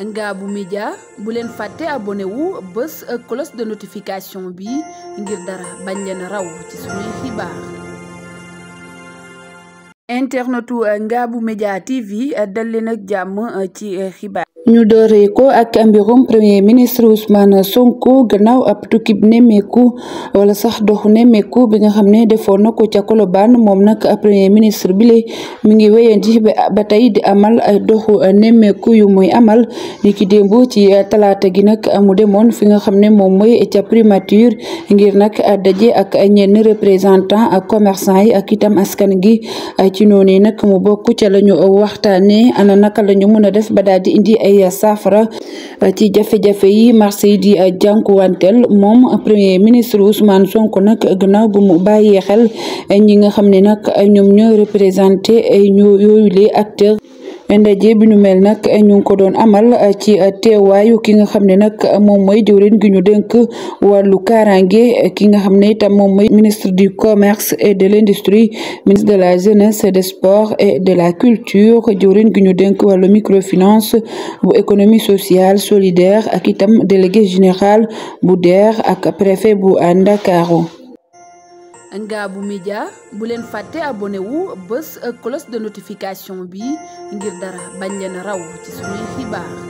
Ngabou Média bu leen fàtte abonné wu bés euh, cloche de notification bi ngir dara bañ leen raw ci suñuy xibaar. internetu euh, Ngabou Média TV euh, dal leen ak jàmm ci xibaar ñu dooree ko ak mbirum premier ministre Ousmane Sonko gannaaw a tukkib nemmeeku wala sax doxu nemmeeku bi nga xam ne defoon na ko ca Colobane moom nag premier ministre bile mi ngi wéyanti ba tey di amal ay doxu nemmeeku yu muy amal ni ki démb ci talaata gi nag mu demoon fi nga xam ne moom mooy ca primature ngir nag daje ak ñen représentant ak commerçant yi ak itam askan gi ci noonu nag mu bokk ca la ñu waxtaanee a def ba daal di saafara eh, ci jafe-jafe yi marché yi di eh, jànkuwanteel moom premier ministre Ousmane Sonko nag eh, gannaaw bu mu bàyyee xel ñi nga xam ne nag ñoom ñooy représenté ñu yooyu les acteurs ndaje bi ñu mel nak ñu ko doon amal uh, ci uh, teewaayu ki nga xamné nak mom moy mooy gi ñu dénk ki nga xamné tam mom moy ministre du commerce et de l'industrie ministre de la jeunesse des sports et de la culture jëwriñ gi ñu dénk wàllu microfinance bu économie sociale solidaire ak itam délégué général bu DER ak préfet bu Ndakaaru Ngabou Média bu leen fàtte abonné wu bés cloche de notification bi ngir dara bañ leen raw ci suñuy xibaar